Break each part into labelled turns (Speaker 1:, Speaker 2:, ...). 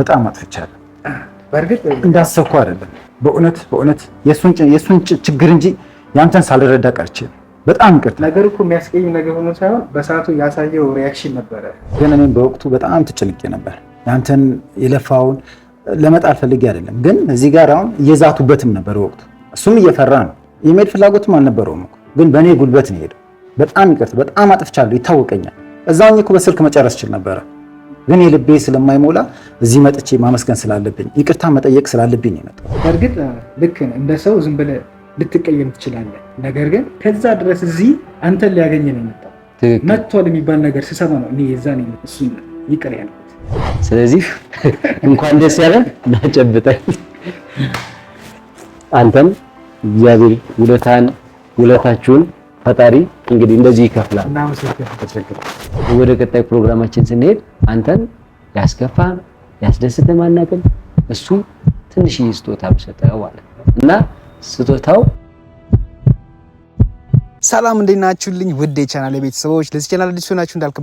Speaker 1: በጣም አጥፍቻለሁ። በእርግጥ እንዳሰብኩ አይደለም። በእውነት በእውነት የእሱን ችግር እንጂ ያንተን ሳልረዳ ቀርቼ በጣም ቅርት
Speaker 2: ነገር እኮ የሚያስቀይም ነገር ሆኖ ሳይሆን በሰዓቱ ያሳየው ሪያክሽን ነበረ።
Speaker 1: ግን እኔም በወቅቱ በጣም ተጨንቄ ነበር። ያንተን የለፋውን ለመጣል ፈልጌ አይደለም። ግን እዚህ ጋር አሁን እየዛቱበትም ነበር ወቅቱ። እሱም እየፈራ ነው። የመሄድ ፍላጎትም አልነበረውም እኮ ግን በእኔ ጉልበት ነው የሄደው። በጣም ይቅርት፣ በጣም አጥፍቻለሁ፣ ይታወቀኛል። እዛውኝ እኮ በስልክ መጨረስ ችል ነበረ። ግን የልቤ ስለማይሞላ እዚህ መጥቼ ማመስገን ስላለብኝ ይቅርታ መጠየቅ ስላለብኝ ይመጣ።
Speaker 2: በእርግጥ ልክ እንደ ሰው ዝም ብለህ ልትቀየም ትችላለህ። ነገር ግን ከዛ ድረስ እዚህ አንተን ሊያገኘ ነው የመጣው። መጥቷል የሚባል ነገር ስሰማ ነው እኔ የዛ እሱ ይቅር ያልኩት።
Speaker 1: ስለዚህ እንኳን ደስ ያለ ናጨብጠን አንተም እግዚአብሔር ውለታን ውለታችሁን ፈጣሪ እንግዲህ እንደዚህ ይከፍላል። ወደ ቀጣይ ፕሮግራማችን ስንሄድ አንተን ያስከፋ ያስደስተ ማናቅም እሱ ትንሽዬ ስጦታ ብሰጠው አለ እና ስጦታው ሰላም እንዴት ናችሁልኝ? ውድ የቻናል ቤተሰቦች፣ ለዚህ ቻናል አዲስ ሆናችሁ እንዳልክ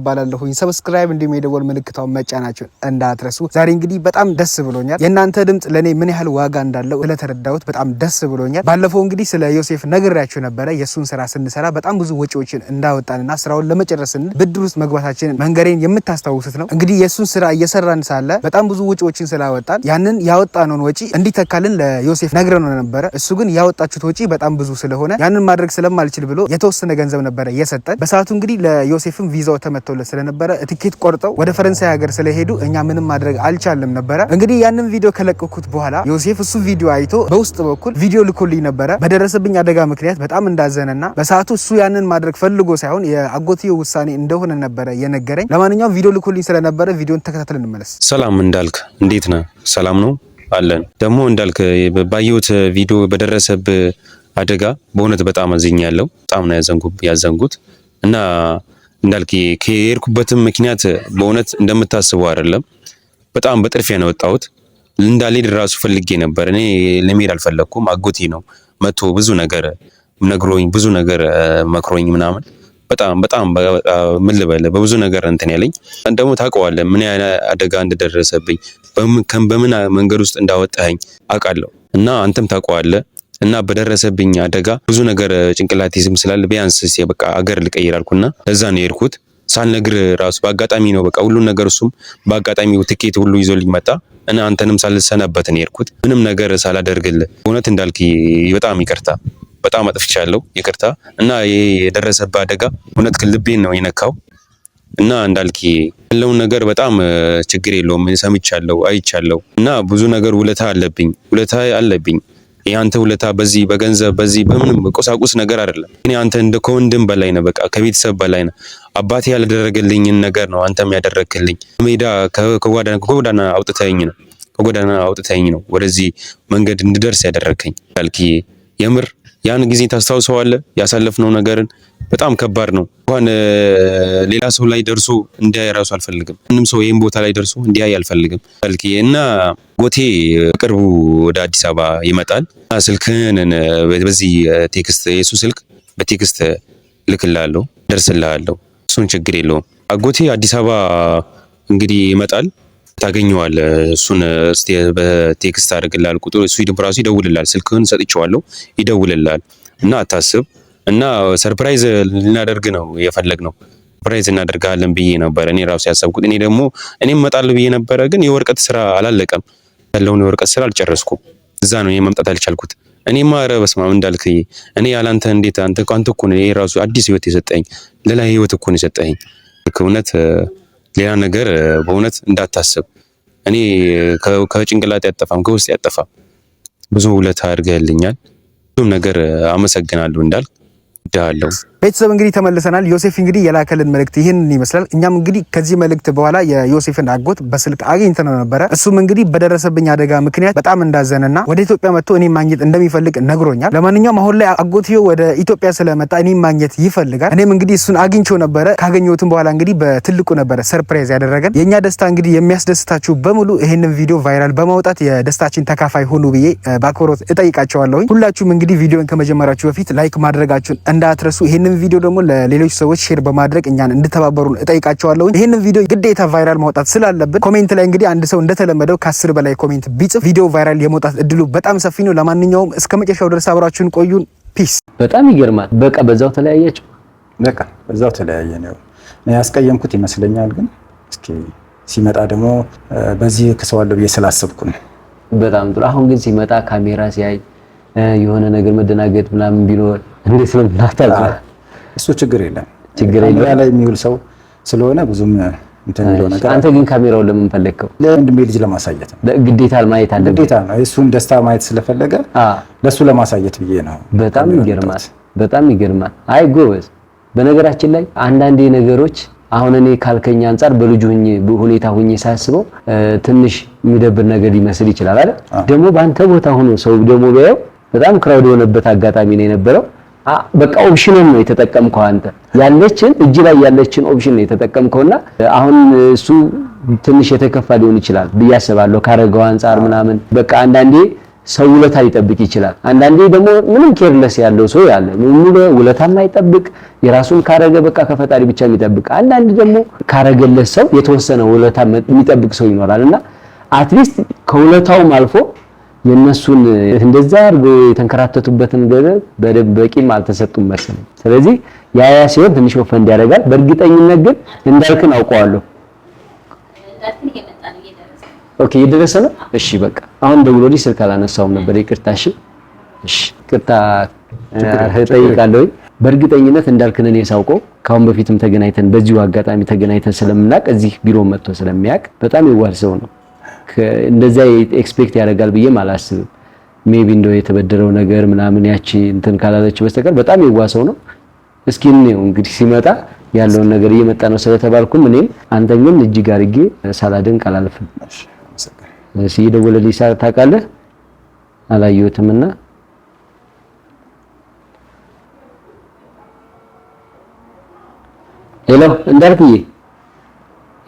Speaker 1: ሰብስክራይብ እንዲሁም የደወል ምልክታውን መጫናችሁን እንዳትረሱ። ዛሬ እንግዲህ በጣም ደስ ብሎኛል። የእናንተ ድምፅ ለእኔ ምን ያህል ዋጋ እንዳለው ስለተረዳሁት በጣም ደስ ብሎኛል። ባለፈው እንግዲህ ስለ ዮሴፍ ነግሬያችሁ ነበረ። የእሱን ስራ ስንሰራ በጣም ብዙ ወጪዎችን እንዳወጣንና ስራውን ለመጨረስ ስንል ብድር ውስጥ መግባታችንን መንገሬን የምታስታውሱት ነው። እንግዲህ የእሱን ስራ እየሰራን ሳለ በጣም ብዙ ወጪዎችን ስላወጣን ያንን ያወጣነውን ወጪ እንዲተካልን ለዮሴፍ ነግረነው ነበረ። እሱ ግን ያወጣችሁት ወጪ በጣም ብዙ ስለሆነ ያንን ማድረግ ስለማልችል ብሎ የተወሰነ ገንዘብ ነበረ እየሰጠን። በሰዓቱ እንግዲህ ለዮሴፍም ቪዛው ተመተውለት ስለነበረ ትኬት ቆርጠው ወደ ፈረንሳይ ሀገር ስለሄዱ እኛ ምንም ማድረግ አልቻለም ነበረ። እንግዲህ ያንን ቪዲዮ ከለቀኩት በኋላ ዮሴፍ እሱ ቪዲዮ አይቶ በውስጥ በኩል ቪዲዮ ልኮልኝ ነበረ። በደረሰብኝ አደጋ ምክንያት በጣም እንዳዘነና በሰዓቱ እሱ ያንን ማድረግ ፈልጎ ሳይሆን የአጎትዮ ውሳኔ እንደሆነ ነበረ የነገረኝ። ለማንኛውም ቪዲዮ ልኮልኝ ስለነበረ ቪዲዮን ተከታትለን እንመለስ።
Speaker 3: ሰላም እንዳልክ፣ እንዴት ነህ? ሰላም ነው አለን። ደግሞ እንዳልክ ባየሁት ቪዲዮ በደረሰብ አደጋ በእውነት በጣም አዝኛለሁ። በጣም ነው ያዘንጉት እና እንዳልክ ከሄድኩበትም ምክንያት በእውነት እንደምታስበው አይደለም። በጣም በጥድፊያ ነው የወጣሁት። እንዳልሄድ ራሱ ፈልጌ ነበር። እኔ ለመሄድ አልፈለግኩም። አጎቴ ነው መቶ ብዙ ነገር ነግሮኝ ብዙ ነገር መክሮኝ ምናምን በጣም በጣም ምን ልበል በብዙ ነገር እንትን ያለኝ ደግሞ ታውቀዋለህ፣ ምን ያህል አደጋ እንደደረሰብኝ በምን መንገድ ውስጥ እንዳወጣኸኝ አውቃለሁ እና አንተም ታውቀዋለህ። እና በደረሰብኝ አደጋ ብዙ ነገር ጭንቅላት ይዝም ስላለ ቢያንስ በቃ አገር ልቀይር አልኩና ለዛ ነው የሄድኩት። ሳልነግር ራሱ በአጋጣሚ ነው በቃ ሁሉን ነገር እሱም በአጋጣሚው ትኬት ሁሉ ይዞልኝ መጣ እና አንተንም ሳልሰናበት ነው የሄድኩት ምንም ነገር ሳላደርግል። እውነት እንዳልክ በጣም ይቅርታ፣ በጣም አጥፍቻለሁ፣ ይቅርታ እና ይሄ የደረሰብህ አደጋ እውነት ልቤን ነው የነካው እና እንዳልክ ያለውን ነገር በጣም ችግር የለውም ሰምቻለሁ፣ አይቻለሁ እና ብዙ ነገር ውለታ አለብኝ፣ ውለታ አለብኝ የአንተ ውለታ በዚህ በገንዘብ በዚህ በምንም ቁሳቁስ ነገር አይደለም። እኔ አንተ እንደ ከወንድም በላይ ነህ፣ በቃ ከቤተሰብ በላይ ነህ። አባቴ ያልደረገልኝን ነገር ነው አንተም ያደረግክልኝ። ሜዳ ከጎዳና አውጥተኝ ነው ከጎዳና አውጥተኝ ነው ወደዚህ መንገድ እንድደርስ ያደረግከኝ ላልክዬ፣ የምር ያን ጊዜ ታስታውሰዋለህ? ያሳለፍነው ነገርን በጣም ከባድ ነው። እንኳን ሌላ ሰው ላይ ደርሶ እንዲያይ ራሱ አልፈልግም። ምንም ሰው ይህም ቦታ ላይ ደርሶ እንዲያይ አልፈልግም። ልክ እና ጎቴ ቅርቡ ወደ አዲስ አበባ ይመጣል። ስልክህን በዚህ ቴክስት የሱ ስልክ በቴክስት ልክልሃለሁ፣ ደርስልሃለሁ። እሱን ችግር የለውም። አጎቴ አዲስ አበባ እንግዲህ ይመጣል፣ ታገኘዋል። እሱን በቴክስት አድርግልሃል። ቁጥር እሱ ራሱ ይደውልልሃል። ስልክህን ሰጥቼዋለሁ፣ ይደውልልሃል እና አታስብ እና ሰርፕራይዝ ልናደርግ ነው የፈለግ ነው ሰርፕራይዝ እናደርጋለን ብዬ ነበረ እኔ ራሱ ያሰብኩት። እኔ ደግሞ እኔም እመጣለሁ ብዬ ነበረ፣ ግን የወረቀት ስራ አላለቀም ያለውን የወረቀት ስራ አልጨረስኩም። እዛ ነው እኔ መምጣት አልቻልኩት። እኔማ ኧረ በስመ አብ እንዳልክ እኔ ያላንተ እንዴት አንተ አንተ እኮ ነው ራሱ አዲስ ህይወት የሰጠኝ ሌላ ህይወት እኮ ነው የሰጠኝ። እውነት ሌላ ነገር በእውነት እንዳታስብ እኔ ከጭንቅላት ያጠፋም ከውስጥ ያጠፋም ብዙ ውለታ አድርገህልኛል። ብዙም ነገር አመሰግናለሁ እንዳልክ Dalo.
Speaker 1: ቤተሰብ እንግዲህ ተመልሰናል። ዮሴፍ እንግዲህ የላከልን መልእክት ይህን ይመስላል። እኛም እንግዲህ ከዚህ መልእክት በኋላ የዮሴፍን አጎት በስልክ አግኝተን ነበረ። እሱም እንግዲህ በደረሰብኝ አደጋ ምክንያት በጣም እንዳዘነና ወደ ኢትዮጵያ መጥቶ እኔ ማግኘት እንደሚፈልግ ነግሮኛል። ለማንኛውም አሁን ላይ አጎትዮ ወደ ኢትዮጵያ ስለመጣ እኔ ማግኘት ይፈልጋል። እኔም እንግዲህ እሱን አግኝቸው ነበረ። ካገኘሁትም በኋላ እንግዲህ በትልቁ ነበረ ሰርፕራይዝ ያደረገን። የእኛ ደስታ እንግዲህ የሚያስደስታችሁ በሙሉ ይህንን ቪዲዮ ቫይራል በማውጣት የደስታችን ተካፋይ ሆኑ ብዬ በአክብሮት እጠይቃቸዋለሁኝ። ሁላችሁም እንግዲህ ቪዲዮን ከመጀመራችሁ በፊት ላይክ ማድረጋችሁን እንዳትረሱ። ይህንን ይህንን ቪዲዮ ደግሞ ለሌሎች ሰዎች ሼር በማድረግ እኛን እንድተባበሩን እጠይቃቸዋለሁ። ይህንን ቪዲዮ ግዴታ ቫይራል ማውጣት ስላለብን ኮሜንት ላይ እንግዲህ አንድ ሰው እንደተለመደው ከአስር በላይ ኮሜንት ቢጽፍ ቪዲዮ ቫይራል የመውጣት እድሉ በጣም ሰፊ ነው። ለማንኛውም እስከ መጨረሻው ድረስ አብራችሁን ቆዩን። ፒስ። በጣም ይገርማል። በቃ በዛው ተለያያችሁ።
Speaker 2: በቃ በዛው ተለያየ ነው ያስቀየምኩት ይመስለኛል። ግን እስኪ ሲመጣ ደግሞ በዚህ ክሰዋለሁ ብዬ ስላሰብኩ ነው።
Speaker 1: በጣም ጥሩ። አሁን ግን ሲመጣ ካሜራ ሲያይ የሆነ ነገር መደናገጥ ምናምን ቢኖር እንዴት ነው?
Speaker 2: እሱ ችግር የለም። ችግር የለም ላይ የሚውል ሰው ስለሆነ ብዙም እንትን የሚለው ነገር።
Speaker 1: አንተ ግን ካሜራውን ለምን ፈለግከው?
Speaker 2: ለወንድሜ ልጅ ለማሳየት ነው።
Speaker 1: ግዴታ ማየት
Speaker 2: አለብህ። ግዴታ ነው። እሱን ደስታ ማየት ስለፈለገ ለሱ ለማሳየት ብዬ ነው።
Speaker 1: በጣም ይገርማል። በጣም ይገርማል። አይ ጎበዝ። በነገራችን ላይ አንዳንዴ ነገሮች አሁን እኔ ካልከኝ አንጻር በልጁ ሁኔታ ሁኜ ሳስበው ትንሽ የሚደብር ነገር ሊመስል ይችላል አይደል? ደግሞ በአንተ ቦታ ሆኖ ሰው ደግሞ ቢያየው በጣም ክራውድ የሆነበት አጋጣሚ ነው የነበረው። በቃ ኦፕሽንን ነው የተጠቀምከው አንተ ያለችን እጅ ላይ ያለችን ኦፕሽን ነው የተጠቀምከውና አሁን እሱ ትንሽ የተከፋ ሊሆን ይችላል ብዬ አስባለሁ። ካረገው አንጻር ምናምን በቃ አንዳንዴ ሰው ውለታ ሊጠብቅ ይችላል። አንዳንዴ ደግሞ ምንም ኬርለስ ያለው ሰው ያለ ምንም ውለታ የማይጠብቅ የራሱን ካረገ በቃ ከፈጣሪ ብቻ የሚጠብቅ አንዳንድ ደግሞ ካረገለት ሰው የተወሰነ ውለታ የሚጠብቅ ሰው ይኖራል እና አትሊስት ከውለታውም አልፎ የእነሱን እንደዛ አድርጎ የተንከራተቱበትን ገንዘብ በቂም አልተሰጡም መሰለኝ። ስለዚህ ያያ ሲሆን ትንሽ ወፈንድ ያደርጋል። በእርግጠኝነት ግን እንዳልክን አውቀዋለሁ። ኦኬ፣ እየደረሰ ነው። እሺ፣ በቃ አሁን ደውሎልኝ ስልክ አላነሳውም ነበር። ይቅርታ። እሺ፣ እሺ፣ ይቅርታ እጠይቃለሁኝ። በእርግጠኝነት እንዳልክን እኔ ሳውቀው ከአሁን በፊትም ተገናኝተን በዚሁ አጋጣሚ ተገናኝተን ስለምናውቅ እዚህ ቢሮ መጥቶ ስለሚያውቅ በጣም ይዋል ሰው ነው። እንደዚያ ኤክስፔክት ያደርጋል ብዬም አላስብም። ሜቢ እንደው የተበደረው ነገር ምናምን ያቺ እንትን ካላለች በስተቀር በጣም የዋሰው ነው። እስኪ እንየው እንግዲህ ሲመጣ ያለውን ነገር እየመጣ ነው ስለተባልኩም እኔም አንተን ግን እጅግ አድርጌ ሳላደንቅ አላልፍም። እሺ የደወለልኝ ሳር ታውቃለህ? አላየሁትምና ሄሎ እንዳልኩዬ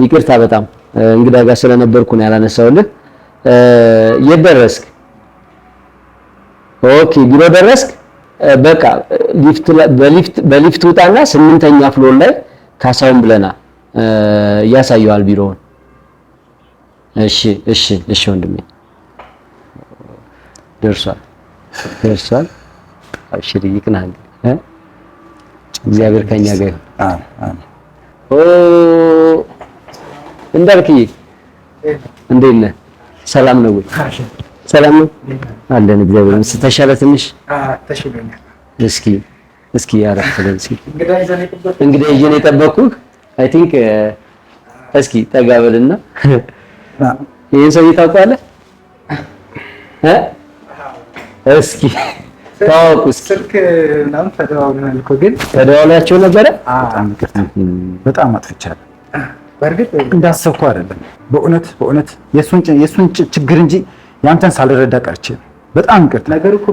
Speaker 1: ይቅርታ በጣም እንግዳ ጋር ስለነበርኩ ነው ያላነሳውልህ። የት ደረስክ? ኦኬ ቢሮ ደረስክ? በቃ ሊፍት በሊፍት በሊፍት ውጣና ስምንተኛ ፍሎር ላይ ካሳውን ብለና ያሳየዋል ቢሮውን። እሺ እሺ እሺ ወንድሜ ደርሷል ደርሷል። አብሽር ይቅናል። እግዚአብሔር ከኛ ጋር ይሁን። አሜን። እንዳልክዬ እንዴት ነህ? ሰላም ነው ወይ? ሰላም ነው አለን። እግዚአብሔር ስተሻለ ትንሽ እስኪ እስኪ አረፍ ብለን እስኪ እንግዲህ ይዤ ነው የጠበኩህ። አይ ቲንክ እስኪ ጠጋ በልና ሰውዬ ታውቀዋለህ? እስኪ ታወቁ
Speaker 2: ስልክ ምናምን ተደዋውለናል እኮ ግን
Speaker 1: ነበረ? በጣም አጥፍቻለሁ። በእርግጥ እንዳሰብኩ አይደለም። በእውነት በእውነት የእሱን ችግር እንጂ ያንተን ሳልረዳ ቀርቼ በጣም ይቅርታ።
Speaker 2: ነገር እኮ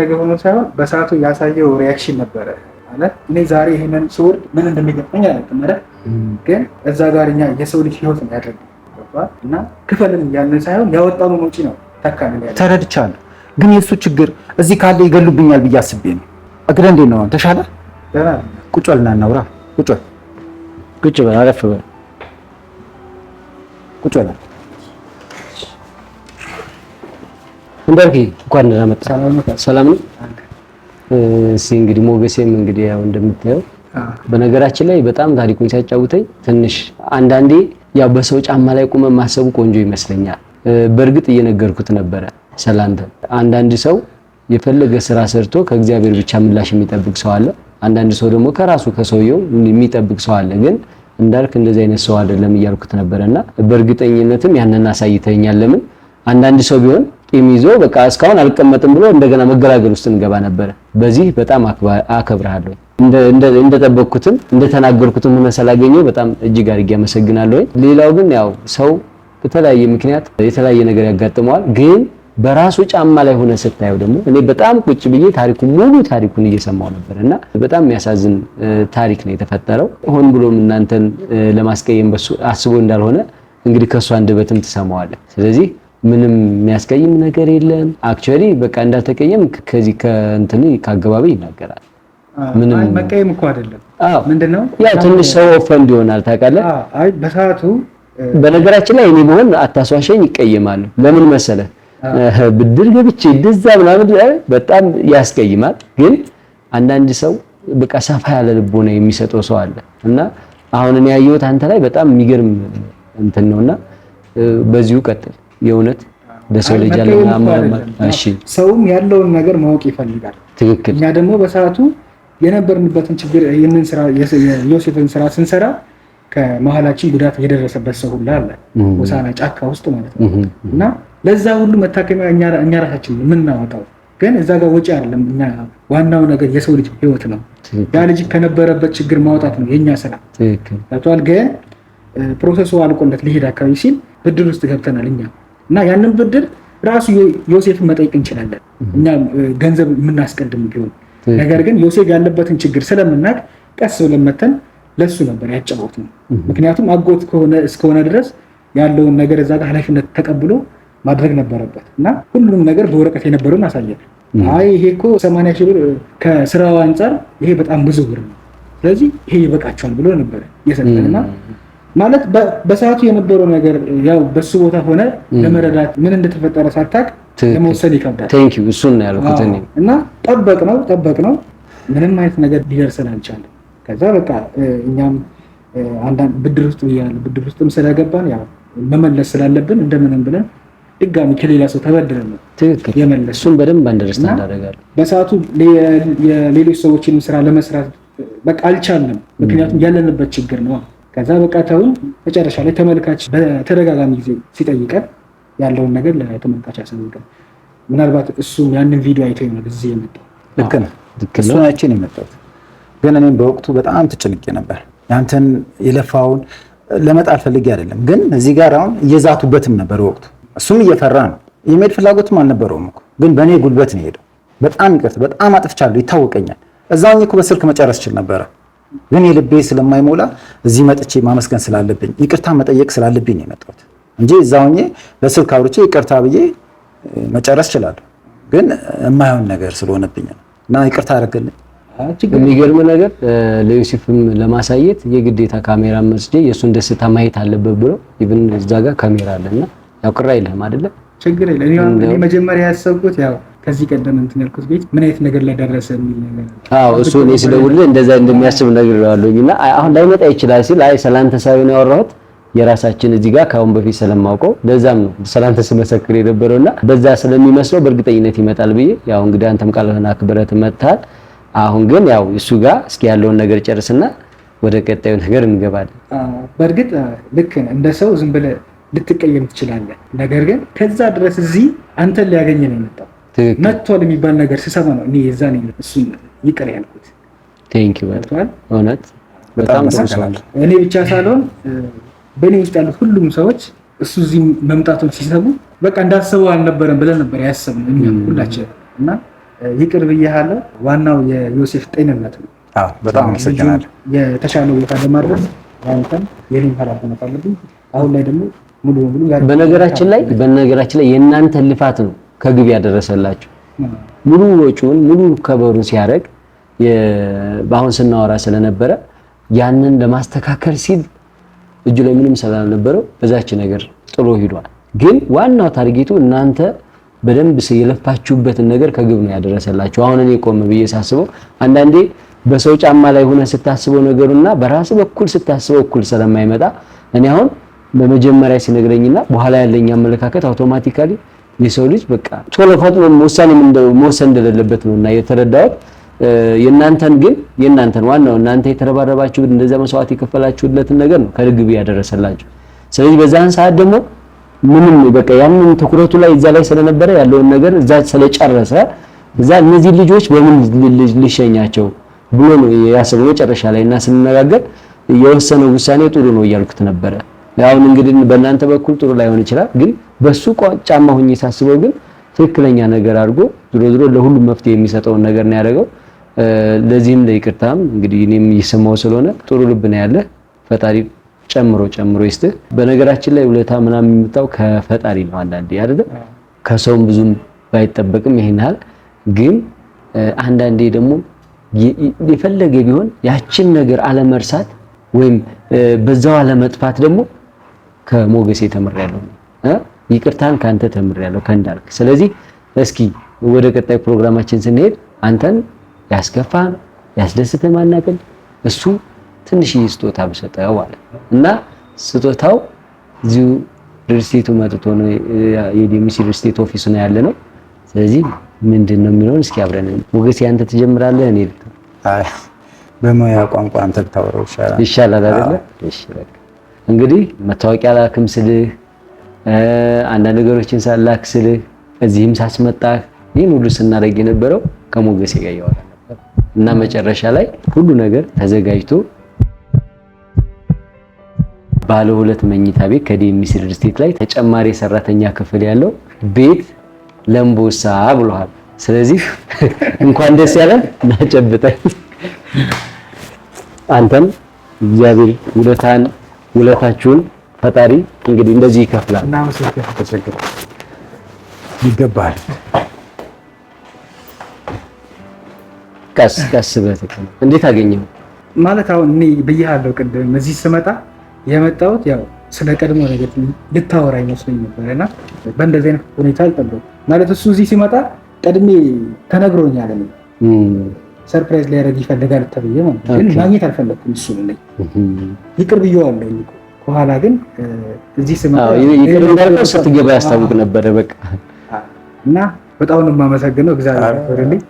Speaker 2: ነገር ሆኖ ሳይሆን በሰዓቱ ያሳየው ሪያክሽን ነበረ። ማለት እኔ ዛሬ ይሄንን ስወርድ ምን እንደሚገጥመኝ ግን እዛ ጋር እኛ የሰው ልጅ ህይወት እና ክፈልን ሳይሆን ነው። ተካል
Speaker 1: ተረድቻለሁ፣ ግን የእሱ ችግር እዚህ ካለ ይገሉብኛል ብዬ አስቤ ነው። እግረ እንዴት ነው? ተሻለ? ቁጭ እናውራ። ቁጭ በል ቁጭ በል አረፍ በል ቁጭ በል እንዳልክ እንኳን ደህና መጣ። ሰላም ነው። እሺ እንግዲህ ሞገሴም እንግዲህ ያው እንደምታየው በነገራችን ላይ በጣም ታሪኩን ሲያጫውተኝ ትንሽ አንዳንዴ ያው በሰው ጫማ ላይ ቁመ ማሰቡ ቆንጆ ይመስለኛል። በእርግጥ እየነገርኩት ነበረ ሰላንተ አንዳንድ ሰው የፈለገ ስራ ሰርቶ ከእግዚአብሔር ብቻ ምላሽ የሚጠብቅ ሰው አለ። አንዳንድ ሰው ደግሞ ከራሱ ከሰውየው የሚጠብቅ ሰው አለ ግን እንዳልክ እንደዚህ አይነት ሰው አይደለም እያልኩት ነበረና በእርግጠኝነትም ያንን አሳይተኛል። ለምን አንዳንድ ሰው ቢሆን ቂም ይዞ በቃ እስካሁን አልቀመጥም ብሎ እንደገና መገላገል ውስጥ እንገባ ነበረ። በዚህ በጣም አከብርሃለሁ። እንደጠበቅኩትም እንደተናገርኩትም ሆነ ስላገኘው በጣም እጅግ አድርጌ አመሰግናለሁ። ሌላው ግን ያው ሰው በተለያየ ምክንያት የተለያየ ነገር ያጋጥመዋል ግን በራሱ ጫማ ላይ ሆነ ስታየው ደግሞ እኔ በጣም ቁጭ ብዬ ታሪኩ ሙሉ ታሪኩን እየሰማው ነበር እና በጣም የሚያሳዝን ታሪክ ነው የተፈጠረው። ሆን ብሎም እናንተን ለማስቀየም በሱ አስቦ እንዳልሆነ እንግዲህ ከእሱ አንደበትም ትሰማዋለህ። ስለዚህ ምንም የሚያስቀይም ነገር የለም። አክቹዋሊ በቃ እንዳልተቀየም ከዚህ ከእንትን ከአገባቢ ይናገራል።
Speaker 2: ምንም መቀየም እኮ አይደለም። ምንድነው
Speaker 1: ያው ትንሽ ሰው ኦፈንድ ይሆናል ታውቃለህ። አይ በሰዓቱ በነገራችን ላይ እኔ ብሆን አታስዋሸኝ ይቀየማሉ። ለምን መሰለህ ብድር ገብቼ እንደዛ ምናምን በጣም ያስቀይማል። ግን አንዳንድ ሰው በቃ ሰፋ ያለ ልቦና የሚሰጠው ሰው አለ እና አሁን እኔ ያየሁት አንተ ላይ በጣም የሚገርም እንትን ነውና በዚሁ ቀጥል። የእውነት ለሰው ልጅ ያለው እሺ፣
Speaker 2: ሰውም ያለውን ነገር ማወቅ ይፈልጋል። ትክክል። እኛ ደግሞ በሰዓቱ የነበርንበትን ችግር ይህንን ስራ የዮሴፍን ስራ ስንሰራ ከመሀላችን ጉዳት የደረሰበት ሰው ሁላ አለ፣ ሆሳዕና ጫካ ውስጥ ማለት ነው እና ለዛ ሁሉ መታከሚያ እኛ ራሳችን የምናወጣው ግን እዛ ጋር ወጪ አይደለም። እኛ ዋናው ነገር የሰው ልጅ ህይወት ነው። ያ ልጅ ከነበረበት ችግር ማውጣት ነው የኛ ስራ ታቷል። ግን ፕሮሰሱ አልቆለት ሊሄድ አካባቢ ሲል ብድር ውስጥ ገብተናል እኛ እና ያንን ብድር ራሱ ዮሴፍን መጠየቅ እንችላለን እኛ ገንዘብ የምናስቀድም ቢሆን። ነገር ግን ዮሴፍ ያለበትን ችግር ስለምናቅ ቀስ ብለን መተን ለሱ ነበር ያጫወት ነው። ምክንያቱም አጎት እስከሆነ ድረስ ያለውን ነገር እዛ ጋር ኃላፊነት ተቀብሎ ማድረግ ነበረበት እና ሁሉንም ነገር በወረቀት የነበረውን አሳየን። አይ ይሄ እኮ ሰማንያ ሺህ ብር ከስራው አንጻር ይሄ በጣም ብዙ ብር ነው፣ ስለዚህ ይሄ ይበቃቸዋል ብሎ ነበረ የሰጠንና ማለት በሰዓቱ የነበረው ነገር ያው በሱ ቦታ ሆነ ለመረዳት ምን እንደተፈጠረ ሳታቅ ለመወሰን ይከብዳል።
Speaker 1: እሱን ነው ያልኩት
Speaker 2: እና ጠበቅ ነው ጠበቅ ነው ምንም አይነት ነገር ሊደርሰን አልቻለም። ከዛ በቃ እኛም አንዳንድ ብድር ውስጥ ብያለሁ ብድር ውስጥም ስለገባን ያው መመለስ ስላለብን እንደምንም ብለን ድጋሚ ከሌላ ሰው ተበድረን ነው
Speaker 1: የመለስ እሱን በደንብ አንደርስታንድ
Speaker 2: እናደርጋለን። በሰዓቱ የሌሎች ሰዎችን ስራ ለመስራት በቃ አልቻለም፣ ምክንያቱም ያለንበት ችግር ነው። ከዛ በቃ ተውን። መጨረሻ ላይ ተመልካች በተደጋጋሚ ጊዜ ሲጠይቀን ያለውን ነገር ለተመልካች ያሳውቀን። ምናልባት እሱም ያንን ቪዲዮ አይተው ይሆናል እዚህ የመጣው
Speaker 1: ልክ ነው። እሱን አይቼ ነው የመጣሁት። ግን እኔም በወቅቱ በጣም ተጨንቄ ነበር። ያንተን የለፋውን ለመጣል ፈልጌ አይደለም፣ ግን እዚህ ጋር አሁን እየዛቱበትም ነበር ወቅቱ እሱም እየፈራ ነው። የመሄድ ፍላጎትም አልነበረውም እኮ ግን በእኔ ጉልበት ነው የሄደው። በጣም ይቅርታ፣ በጣም አጥፍቻለሁ፣ ይታወቀኛል። እዛ እኮ በስልክ መጨረስ ችል ነበረ፣ ግን የልቤ ስለማይሞላ እዚህ መጥቼ ማመስገን ስላለብኝ ይቅርታ መጠየቅ ስላለብኝ ነው የመጣሁት እንጂ እዛው በስልክ አውርቼ ይቅርታ ብዬ መጨረስ እችላለሁ፣ ግን የማይሆን ነገር ስለሆነብኝ ነው እና ይቅርታ አደረገልኝ። የሚገርም ነገር ለዮሴፍም ለማሳየት የግዴታ ካሜራ መስጄ የእሱን ደስታ ማየት አለበት ብሎ ኢቭን እዛ ጋር ካሜራ አለና ያው ቅር አይልህም አይደለ? ችግር የለም። እኔ መጀመሪያ ያሰብኩት ያው ከዚህ ቀደም እንትን ያልኩት ቤት ምን አይነት ነገር ላይ ደረሰ የሚል ነገር። አዎ እሱ እኔ ስደውልልህ እንደዛ እንደሚያስብ ነገር ያለኝ እና አሁን ላይመጣ ይችላል ሲል አይ ሰላንተ ሳቢ ነው ያወራሁት የራሳችን እዚህ ጋር ከአሁን በፊት ስለማውቀው ለዛም ነው ሰላንተ ስመሰክር የነበረውና በዛ ስለሚመስለው በእርግጠኝነት ይመጣል ብዬ ያው እንግዲህ አንተም ቃልህን አክብረህ መጥተሃል። አሁን ግን ያው እሱ ጋር እስኪ ያለውን ነገር ጨርስና ወደ ቀጣዩ ነገር እንገባለን።
Speaker 2: በእርግጥ ልክ እንደ ሰው ዝም ብለህ ልትቀየም ትችላለህ። ነገር ግን ከዛ ድረስ እዚህ አንተን ሊያገኝ ነው የመጣው መጥቷል የሚባል ነገር ስሰማ ነው እኔ የዛ እሱ ይቅር ያልኩት።
Speaker 1: እውነት በጣም
Speaker 2: እኔ ብቻ ሳልሆን በእኔ ውስጥ ያሉት ሁሉም ሰዎች እሱ እዚህ መምጣቱን ሲሰሙ በቃ እንዳስበው አልነበረም ብለን ነበር ያሰብነው እኛም ሁላችን እና ይቅር ብያለሁ። ዋናው የዮሴፍ ጤንነት ነው።
Speaker 1: በጣም አመሰግናለሁ።
Speaker 2: የተሻለ ቦታ ለማድረስ ያንተም የኔም ኃላፊነት አለብኝ። አሁን ላይ ደግሞ
Speaker 1: በነገራችን ላይ በነገራችን ላይ የእናንተ ልፋት ነው ከግብ ያደረሰላችሁ። ሙሉ ወጪውን ሙሉ ከበሩን ሲያደርግ በአሁን ስናወራ ስለነበረ ያንን ለማስተካከል ሲል እጁ ላይ ምንም ስላልነበረው በዛች ነገር ጥሎ ሂዷል። ግን ዋናው ታርጌቱ እናንተ በደንብ የለፋችሁበትን ነገር ከግብ ነው ያደረሰላችሁ። አሁን እኔ ቆም ብዬ ሳስበው አንዳንዴ በሰው ጫማ ላይ ሆነ ስታስበው ነገሩና በራስ በኩል ስታስበው እኩል ስለማይመጣ እኔ አሁን በመጀመሪያ ሲነግረኝና በኋላ ያለኝ አመለካከት አውቶማቲካሊ የሰው ልጅ በቃ ቶሎ ፈጥኖ መወሰን መወሰን እንደሌለበት ነው እና የተረዳሁት። የእናንተን ግን የእናንተን ዋናው እናንተ የተረባረባችሁ እንደዚያ መስዋዕት የከፈላችሁለትን ነገር ነው ከርግብ ያደረሰላችሁ። ስለዚህ በዛን ሰዓት ደግሞ ምንም በቃ ያንን ትኩረቱ ላይ እዛ ላይ ስለነበረ ያለውን ነገር እዛ ስለጨረሰ እዛ እነዚህ ልጆች በምን ልሸኛቸው ብሎ ነው ያሰበው መጨረሻ ላይ እና ስንነጋገር የወሰነው ውሳኔ ጥሩ ነው እያልኩት ነበረ። አሁን እንግዲህ በእናንተ በኩል ጥሩ ላይሆን ይችላል፣ ግን በሱ ጫማ ሁኜ ሳስበው ግን ትክክለኛ ነገር አድርጎ ዝሮ ዝሮ ለሁሉም መፍትሄ የሚሰጠውን ነገር ነው ያደረገው። ለዚህም ለይቅርታም እንግዲህ እኔም እየሰማው ስለሆነ ጥሩ ልብ ነው ያለ ፈጣሪ ጨምሮ ጨምሮ ይስጥህ። በነገራችን ላይ ውለታ ምናምን የሚመጣው ከፈጣሪ ነው አንዳንዴ አይደለም ከሰውም ብዙም ባይጠበቅም ይሄን ያህል ግን አንዳንዴ ደግሞ የፈለገ ቢሆን ያችን ነገር አለመርሳት ወይም በዛው አለመጥፋት ደግሞ ከሞገሴ ተምሬያለሁ፣ ይቅርታን ከአንተ ተምሬያለሁ ከእንዳልክ። ስለዚህ እስኪ ወደ ቀጣይ ፕሮግራማችን ስንሄድ አንተን ያስከፋ ያስደስተ ማናቅል እሱ ትንሽ ስጦታ ብሰጠው አለ እና ስጦታው እዚሁ ሪልስቴቱ መጥቶ ነው የዲሚሲ ሪልስቴት ኦፊስ ነው ያለ ነው። ስለዚህ ምንድን ነው የሚለውን እስኪ አብረን ሞገሴ አንተ ትጀምራለህ እኔ
Speaker 2: በሙያ ቋንቋ አንተ ብታወራው ይሻላል
Speaker 1: ይሻላል አይደለ? እሺ በቃ እንግዲህ መታወቂያ ላክም ስልህ አንዳንድ ነገሮችን ሳላክ ስልህ እዚህም ሳስመጣህ ይህን ሁሉ ስናደርግ የነበረው ከሞገሴ ጋር ነበር እና መጨረሻ ላይ ሁሉ ነገር ተዘጋጅቶ ባለ ሁለት መኝታ ቤት ከዲኤምሲ ሪል ስቴት ላይ ተጨማሪ የሰራተኛ ክፍል ያለው ቤት ለምቦሳ ብሏል። ስለዚህ እንኳን ደስ ያለ ናጨብጠኝ። አንተም እግዚአብሔር ውለታን ውለታችሁን ፈጣሪ እንግዲህ እንደዚህ ይከፍላል። ይገባል። ቀስ ቀስ ብለህ እንዴት አገኘው
Speaker 2: ማለት አሁን እኔ ብያለሁ ቅድም እዚህ ስመጣ የመጣሁት ያው ስለ ቀድሞ ነገር ልታወራ ይመስለኝ ነበር እና በእንደዚህ አይነት ሁኔታ አልጠበኩም። ማለት እሱ እዚህ ሲመጣ ቀድሜ ተነግሮኛል። ሰርፕራይዝ ሊያደርግ ይፈልጋል ተብዬ ማለት ነው። ግን ማግኘት አልፈለግኩም። እሱ ነ ይቅር ብየዋለሁ። ከኋላ ግን እዚህ ስመጣ
Speaker 1: ይቅር ስትገባ ያስታውቅ ነበረ። በቃ
Speaker 2: እና በጣም ነው የማመሰግነው። እግዚአብሔር ልኝ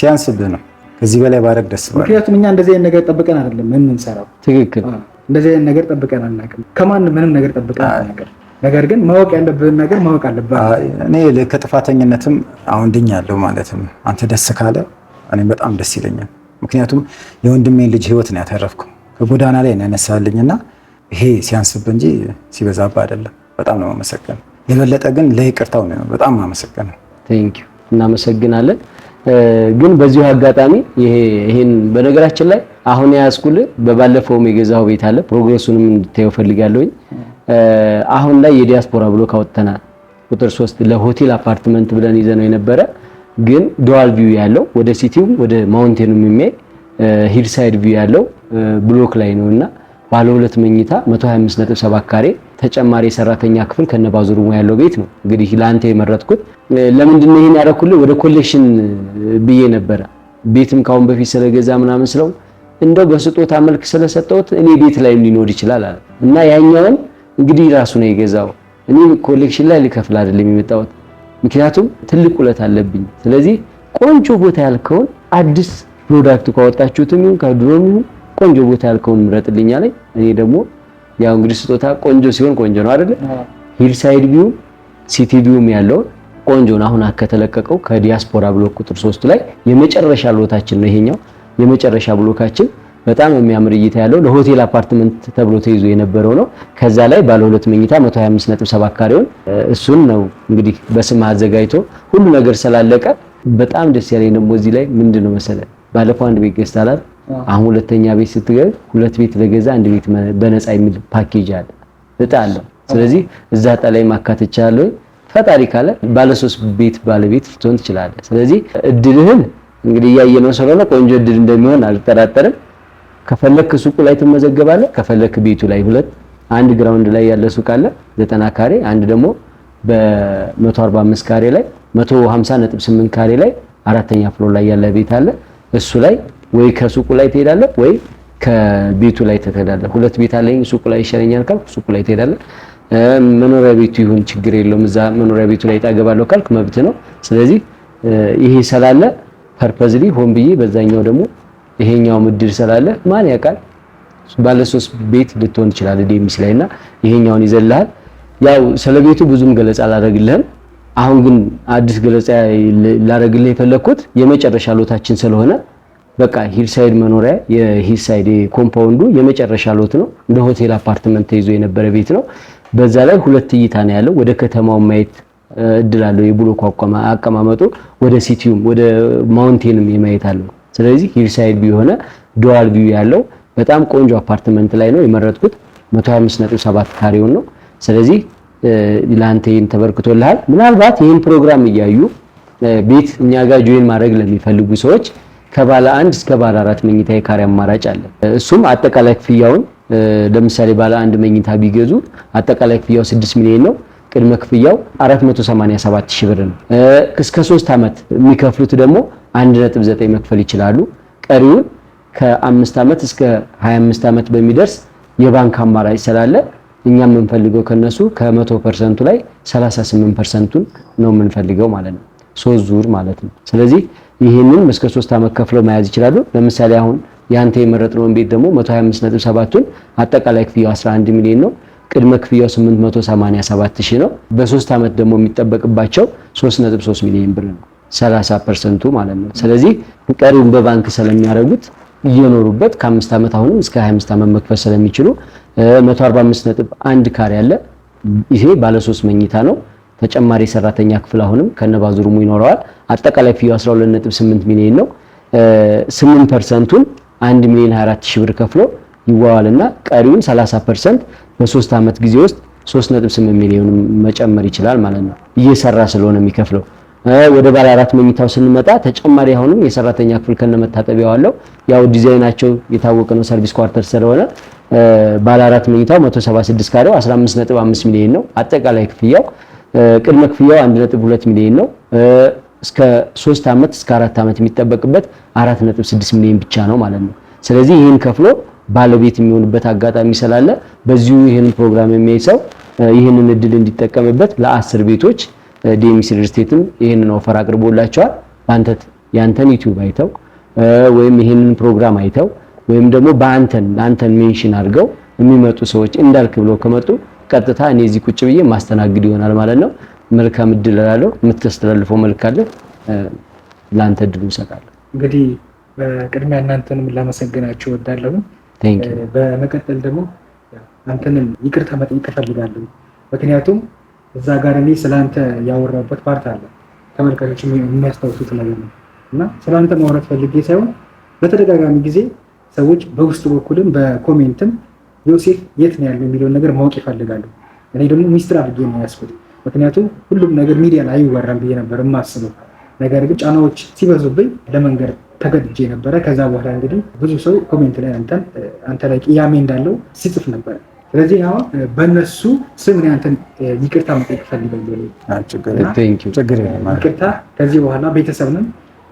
Speaker 1: ሲያንስብህ ነው ከዚህ በላይ ባረግ ደስ
Speaker 2: ብሎኛል። ምክንያቱም እኛ እንደዚህ አይነት ነገር ጠብቀን አይደለም ምን እንሰራው። ትክክል እንደዚህ አይነት ነገር ጠብቀን አናውቅም። ከማን ምንም ነገር ጠብቀን አናውቅም። ነገር ግን ማወቅ ያለብህን ነገር ማወቅ አለብህ።
Speaker 1: እኔ ከጥፋተኝነትም አሁን ድኛለሁ ማለት ነው። አንተ ደስ ካለ እኔም በጣም ደስ ይለኛል። ምክንያቱም የወንድሜን ልጅ ህይወት ነው ያተረፍከው፣ ከጎዳና ላይ ነው ያነሳልኝና ይሄ ሲያንስብ እንጂ ሲበዛብህ አይደለም። በጣም ነው ማመሰገን። የበለጠ ግን ለይቅርታው ነው በጣም ማመሰገን። ቴንኪው፣ እናመሰግናለን። ግን በዚሁ አጋጣሚ ይሄን በነገራችን ላይ አሁን ያስኩል በባለፈውም የገዛው ቤት አለ፣ ፕሮግረሱንም እንድታየው ፈልጋለሁኝ። አሁን ላይ የዲያስፖራ ብሎ ካወጥተናል ቁጥር ሶስት ለሆቴል አፓርትመንት ብለን ይዘነው የነበረ ግን ዱዋል ቪው ያለው ወደ ሲቲውም ወደ ማውንቴኑም የሚያይ ሂል ሳይድ ቪው ያለው ብሎክ ላይ ነው እና ባለ ሁለት መኝታ 125.7 ካሬ ተጨማሪ የሰራተኛ ክፍል ከነባዙሩሙ ያለው ቤት ነው። እንግዲህ ለአንተ የመረጥኩት ለምንድን ነው ይሄን ያደረኩልህ? ወደ ኮሌክሽን ብዬ ነበረ። ቤትም ካሁን በፊት ስለገዛ ምናምን ስለው እንደው በስጦታ መልክ ስለሰጠውት እኔ ቤት ላይም ሊኖር ይችላል አለ እና ያኛውን እንግዲህ ራሱ ነው የገዛው። እኔ ኮሌክሽን ላይ ልከፍል አይደለም የመጣሁት ምክንያቱም ትልቅ ውለት አለብኝ። ስለዚህ ቆንጆ ቦታ ያልከውን አዲስ ፕሮዳክት ካወጣችሁትም ይሁን ከድሮም ይሁን ቆንጆ ቦታ ያልከውን ምረጥልኝ አለኝ። እኔ ደግሞ ያው እንግዲህ ስጦታ ቆንጆ ሲሆን ቆንጆ ነው አይደለ? ሂልሳይድ ሳይድ ቪውም ሲቲ ቪውም ያለውን ቆንጆን አሁን ከተለቀቀው ከዲያስፖራ ብሎክ ቁጥር ሶስቱ ላይ የመጨረሻ ሎታችን ነው ይሄኛው የመጨረሻ ብሎካችን በጣም የሚያምር እይታ ያለው ለሆቴል አፓርትመንት ተብሎ ተይዞ የነበረው ነው። ከዛ ላይ ባለ ሁለት መኝታ 125.7 ካሬውን እሱን ነው እንግዲህ በስም አዘጋጅቶ ሁሉ ነገር ስላለቀ በጣም ደስ ያለኝ ደግሞ እዚህ ላይ ምንድን ነው መሰለ፣ ባለፈው አንድ ቤት ገዝታላል። አሁን ሁለተኛ ቤት ስትገብ ሁለት ቤት ለገዛ አንድ ቤት በነፃ የሚል ፓኬጅ አለ፣ እጣ አለው። ስለዚህ እዛ እጣ ላይ ፈጣሪ ካለ ባለሶስት ቤት ባለቤት ልትሆን ትችላለህ። ስለዚህ እድልህን እንግዲህ እያየነው ስለሆነ ቆንጆ እድል እንደሚሆን አልጠራጠርም። ከፈለክ ሱቁ ላይ ትመዘገባለህ። ከፈለክ ቤቱ ላይ ሁለት አንድ ግራውንድ ላይ ያለ ሱቅ አለ ዘጠና ካሬ፣ አንድ ደግሞ በ145 ካሬ ላይ 150.8 ካሬ ላይ አራተኛ ፍሎር ላይ ያለ ቤት አለ። እሱ ላይ ወይ ከሱቁ ላይ ትሄዳለህ ወይ ከቤቱ ላይ ትሄዳለህ። ሁለት ቤት አለኝ ሱቁ ላይ ይሻለኛል ካልክ ሱቁ ላይ ትሄዳለህ። መኖሪያ ቤቱ ይሁን ችግር የለውም። እዛ መኖሪያ ቤቱ ላይ ጣገባለሁ ካልክ መብት ነው። ስለዚህ ይሄ ስላለ ፐርፐዝሊ ሆን ብዬ በዛኛው ደግሞ ይሄኛውም እድል ስላለ ማን ያውቃል ባለ ሶስት ቤት ልትሆን ይችላል ዴሚስ ላይ እና ይሄኛውን ይዘልሃል። ያው ስለ ቤቱ ብዙም ገለጻ አላደርግልህም። አሁን ግን አዲስ ገለጻ ላደርግልህ የፈለግኩት የመጨረሻ ሎታችን ስለሆነ በቃ ሂልሳይድ መኖሪያ የሂልሳይድ ኮምፓውንዱ የመጨረሻ ሎት ነው። እንደ ሆቴል አፓርትመንት ተይዞ የነበረ ቤት ነው። በዛ ላይ ሁለት እይታ ነው ያለው። ወደ ከተማው ማየት እድል አለው። የብሎክ አቀማመጡ ወደ ሲቲውም ወደ ማውንቴንም የማየት አለው። ስለዚህ ሂልሳይድ ቪው የሆነ ዱዋል ቪው ያለው በጣም ቆንጆ አፓርትመንት ላይ ነው የመረጥኩት። 157 ካሬውን ነው። ስለዚህ ለአንተ ይህን ተበርክቶልሃል። ምናልባት ይህን ፕሮግራም እያዩ ቤት እኛ ጋር ጆይን ማድረግ ለሚፈልጉ ሰዎች ከባለ አንድ እስከ ባለ አራት መኝታ የካሬ አማራጭ አለ። እሱም አጠቃላይ ክፍያውን ለምሳሌ ባለ አንድ መኝታ ቢገዙ አጠቃላይ ክፍያው 6 ሚሊዮን ነው። ቅድመ ክፍያው 487 ሺህ ብር ነው። እስከ 3 ዓመት የሚከፍሉት ደግሞ አንድ ነጥብ ዘጠኝ መክፈል ይችላሉ። ቀሪውን ከአምስት ዓመት እስከ 25 ዓመት በሚደርስ የባንክ አማራጭ ስላለ እኛ የምንፈልገው ከነሱ ከመቶ ፐርሰንቱ ላይ 38 ፐርሰንቱን ነው የምንፈልገው ማለት ነው። ሶስት ዙር ማለት ነው። ስለዚህ ይህንን እስከ ሶስት ዓመት ከፍለው መያዝ ይችላሉ። ለምሳሌ አሁን ያንተ የመረጥነውን ቤት ደግሞ 1257 ቱን አጠቃላይ ክፍያው 11 ሚሊዮን ነው። ቅድመ ክፍያው 887 ሺህ ነው። በሶስት ዓመት ደግሞ የሚጠበቅባቸው 3.3 ሚሊዮን ብር ነው። ሰላሳ ፐርሰንቱ ማለት ነው። ስለዚህ ቀሪውን በባንክ ስለሚያደርጉት እየኖሩበት ከአምስት ዓመት አሁንም እስከ 25 ዓመት መክፈል ስለሚችሉ 145 ነጥብ አንድ ካሬ ያለ ይሄ ባለ መኝታ ነው። ተጨማሪ ሰራተኛ ክፍል አሁንም ከነባዙሩሙ ይኖረዋል። አጠቃላይ ፊዩ 12.8 ሚሊዮን ነው። 8 ፐርሰንቱን 1 ሚሊዮን 24 ሺህ ብር ከፍሎ ይዋዋልና ቀሪውን 30 ፐርሰንት በሶስት ዓመት ጊዜ ውስጥ 3.8 ሚሊዮን መጨመር ይችላል ማለት ነው እየሰራ ስለሆነ የሚከፍለው ወደ ባለ አራት መኝታው ስንመጣ ተጨማሪ አሁንም የሰራተኛ ክፍል ከነመታጠቢያው አለው። ያው ዲዛይናቸው የታወቀ ነው፣ ሰርቪስ ኳርተር ስለሆነ ባለ አራት መኝታው 176 ካሬው 15.5 ሚሊዮን ነው። አጠቃላይ ክፍያው ቅድመ ክፍያው 1.2 ሚሊዮን ነው። እስከ 3 ዓመት እስከ 4 ዓመት የሚጠበቅበት 4.6 ሚሊዮን ብቻ ነው ማለት ነው። ስለዚህ ይህን ከፍሎ ባለቤት የሚሆንበት አጋጣሚ ስላለ በዚሁ ይህን ፕሮግራም የሚያይ ሰው ይህንን እድል እንዲጠቀምበት ለአስር ቤቶች ዲኤምሲ ሪል ስቴትም ይህንን ኦፈር አቅርቦላቸዋል። በአንተት ያንተን ዩቲዩብ አይተው ወይም ይህንን ፕሮግራም አይተው ወይም ደግሞ በአንተን አንተን ሜንሽን አድርገው የሚመጡ ሰዎች እንዳልክ ብለው ከመጡ ቀጥታ እኔ እዚህ ቁጭ ብዬ ማስተናግድ ይሆናል ማለት ነው። መልካም እድል እላለሁ። የምታስተላልፈው መልክ አለ ለአንተ እድሉ እሰጣለሁ።
Speaker 2: እንግዲህ በቅድሚያ እናንተንም ላመሰግናችሁ እወዳለሁ። በመቀጠል ደግሞ አንተንም ይቅርታ መጠየቅ እፈልጋለሁ ምክንያቱም እዛ ጋር እኔ ስለአንተ ያወራበት ፓርት አለ። ተመልካቾች የሚያስታውሱት ነገር ነው እና ስለአንተ ማውራት ፈልጌ ሳይሆን በተደጋጋሚ ጊዜ ሰዎች በውስጥ በኩልም በኮሜንትም ዮሴፍ የት ነው ያለው የሚለውን ነገር ማወቅ ይፈልጋሉ። እኔ ደግሞ ሚስጥር አድርጌ ነው ያስኩት። ምክንያቱም ሁሉም ነገር ሚዲያ ላይ አይወራም ብዬ ነበር የማስበው። ነገር ግን ጫናዎች ሲበዙብኝ ለመንገር ተገድጄ ነበረ። ከዛ በኋላ እንግዲህ ብዙ ሰው ኮሜንት ላይ አንተ ላይ ቅያሜ እንዳለው ሲጽፍ ነበረ። ስለዚህ አሁን በእነሱ ስም እኔ አንተን ይቅርታ መጠየቅ ፈልጋለሁ። ይቅርታ ከዚህ በኋላ ቤተሰብንም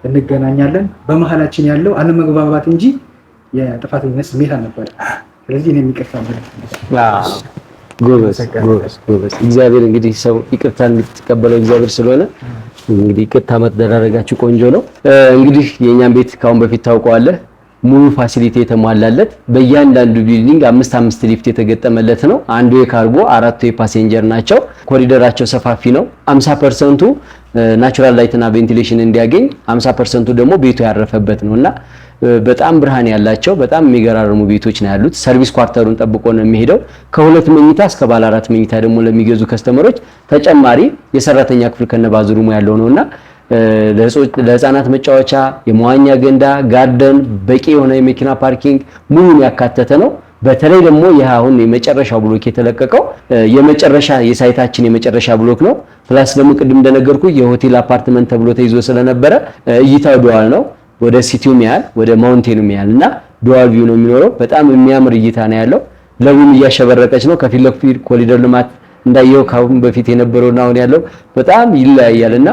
Speaker 2: እንገናኛለን። በመሀላችን ያለው አለመግባባት እንጂ የጥፋተኝነት ስሜት አልነበረ። ስለዚህ እኔም ይቅርታ
Speaker 1: ጎበዝ እግዚአብሔር እንግዲህ ሰው ይቅርታ እንድትቀበለው እግዚአብሔር ስለሆነ እንግዲህ ይቅርታ መደራረጋችሁ ቆንጆ ነው። እንግዲህ የእኛም ቤት ከአሁን በፊት ታውቀዋለህ ሙሉ ፋሲሊቲ የተሟላለት በእያንዳንዱ ቢልዲንግ አምስት አምስት ሊፍት የተገጠመለት ነው። አንዱ የካርጎ አራቱ የፓሴንጀር ናቸው። ኮሪደራቸው ሰፋፊ ነው። 50 ፐርሰንቱ ናቹራል ላይትና ቬንቲሌሽን እንዲያገኝ፣ 50 ፐርሰንቱ ደግሞ ቤቱ ያረፈበት ነው እና በጣም ብርሃን ያላቸው በጣም የሚገራርሙ ቤቶች ነው ያሉት። ሰርቪስ ኳርተሩን ጠብቆ ነው የሚሄደው። ከሁለት መኝታ እስከ ባለ አራት መኝታ ደግሞ ለሚገዙ ከስተመሮች ተጨማሪ የሰራተኛ ክፍል ከነባዝሩሙ ያለው ነውና ለህፃናት መጫወቻ፣ የመዋኛ ገንዳ፣ ጋርደን፣ በቂ የሆነ የመኪና ፓርኪንግ ሙሉን ያካተተ ነው። በተለይ ደግሞ ይህ አሁን የመጨረሻው ብሎክ የተለቀቀው የመጨረሻ የሳይታችን የመጨረሻ ብሎክ ነው። ፕላስ ደግሞ ቅድም እንደነገርኩ የሆቴል አፓርትመንት ተብሎ ተይዞ ስለነበረ እይታው ድዋል ነው። ወደ ሲቲውም ያህል ወደ ማውንቴኑም ያህል እና ድዋል ቪው ነው የሚኖረው። በጣም የሚያምር እይታ ነው ያለው። ለቡም እያሸበረቀች ነው። ከፊት ለፊት ኮሊደር ልማት እንዳየው ካሁን በፊት የነበረውና አሁን ያለው በጣም ይለያያልና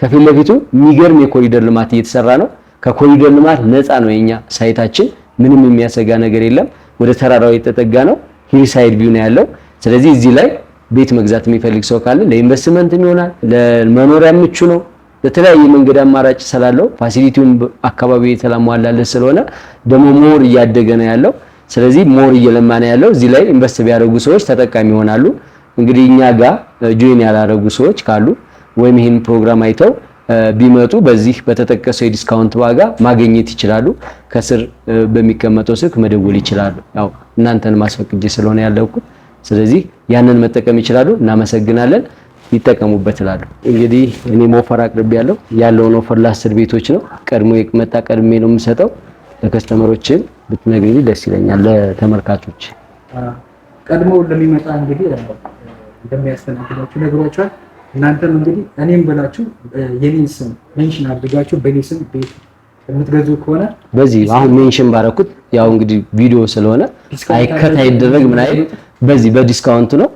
Speaker 1: ከፊት ለፊቱ የሚገርም የኮሪደር ልማት እየተሰራ ነው። ከኮሪደር ልማት ነፃ ነው የኛ ሳይታችን። ምንም የሚያሰጋ ነገር የለም። ወደ ተራራው የተጠጋ ነው። ሂል ሳይድ ቪው ነው ያለው። ስለዚህ እዚህ ላይ ቤት መግዛት የሚፈልግ ሰው ካለ ለኢንቨስትመንት ይሆናል። ለመኖሪያ ምቹ ነው። በተለያየ መንገድ አማራጭ ስላለው ፋሲሊቲውን አካባቢ የተላሟላለት ስለሆነ ደግሞ ሞር እያደገ ነው ያለው። ስለዚህ ሞር እየለማ ነው ያለው። እዚህ ላይ ኢንቨስት ቢያደርጉ ሰዎች ተጠቃሚ ይሆናሉ። እንግዲህ እኛ ጋር ጆይን ያላደረጉ ሰዎች ካሉ ወይም ይህን ፕሮግራም አይተው ቢመጡ በዚህ በተጠቀሰው የዲስካውንት ዋጋ ማግኘት ይችላሉ። ከስር በሚቀመጠው ስልክ መደወል ይችላሉ። ያው እናንተን ማስፈቅጄ ስለሆነ ያለውኩ ስለዚህ ያንን መጠቀም ይችላሉ። እናመሰግናለን። ይጠቀሙበት ይላሉ። እንግዲህ እኔም ኦፈር አቅርቤ ያለው ያለውን ኦፈር ለአስር ቤቶች ነው። ቀድሞ የመጣ ቀድሜ ነው የምሰጠው። ለከስተመሮችን ብትነግሪ ደስ ይለኛል። ለተመልካቾች
Speaker 2: ቀድሞ ለሚመጣ እንግዲህ እንደሚያስተናግዳችሁ ነግሯቸዋል። እናንተም እንግዲህ እኔም ብላችሁ የኔን ስም ሜንሽን አድርጋችሁ በኔ ስም ቤት የምትገዙ ከሆነ
Speaker 1: በዚህ አሁን ሜንሽን ባረኩት። ያው እንግዲህ ቪዲዮ ስለሆነ አይከት አይደረግ ምን አይል በዚህ በዲስካውንት ነው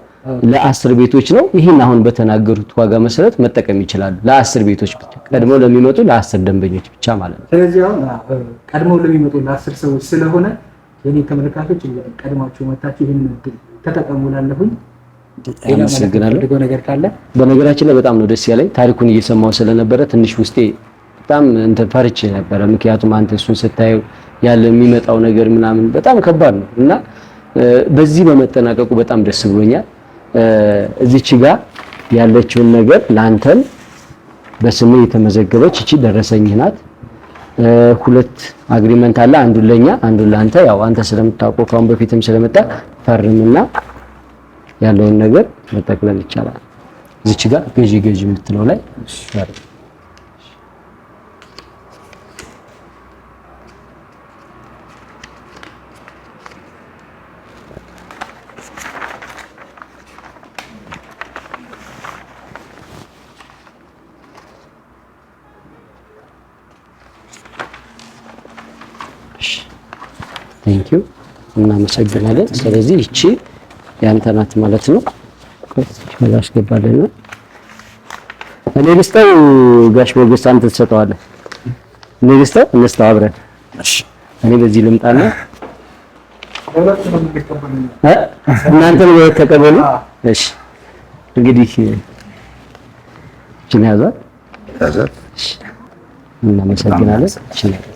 Speaker 1: ለአስር ቤቶች ነው። ይህን አሁን በተናገሩት ዋጋ መሰረት መጠቀም ይችላሉ። ለአስር ቤቶች ብቻ ቀድሞ ለሚመጡ ለአስር ደንበኞች ብቻ ማለት ነው።
Speaker 2: ስለዚህ አሁን ቀድሞ ለሚመጡ ለአስር ሰዎች ስለሆነ የኔ ተመልካቾች ቀድማችሁ መታችሁ ይህን እድል ተጠቀሙ ላለሁኝ
Speaker 1: በነገራችን ላይ በጣም ነው ደስ ያለኝ ታሪኩን እየሰማው ስለነበረ ትንሽ ውስጤ በጣም እንተ ፈርቼ ነበረ። ምክንያቱም አንተ እሱን ስታየው ያለ የሚመጣው ነገር ምናምን በጣም ከባድ ነው እና በዚህ በመጠናቀቁ በጣም ደስ ብሎኛል። እዚች ጋር ያለችውን ነገር ላንተም በስሜ የተመዘገበች እቺ ደረሰኝህ ናት። ሁለት አግሪመንት አለ፣ አንዱ ለኛ አንዱ ላንተ። ያው አንተ ስለምታውቀው ከአሁን በፊትም ስለመጣ ፈርምና ያለውን ነገር መጠቅለል ይቻላል። እዚች ጋር ገዢ ገዢ የምትለው ላይ ቴንኪው እናመሰግናለን። ስለዚህ ይቺ ያንተ ናት ማለት ነው። ከዛ አስገባለና እኔ ልስጠው፣ ጋሽ ሞገስ አንተ ትሰጠዋለህ። እኔ ልስጠው፣ እንስጠው አብረን። እሺ እኔ በዚህ ልምጣና እናንተ ተቀበሉ። እሺ እንግዲህ እችን ያዟት፣ እናመሰግናለን።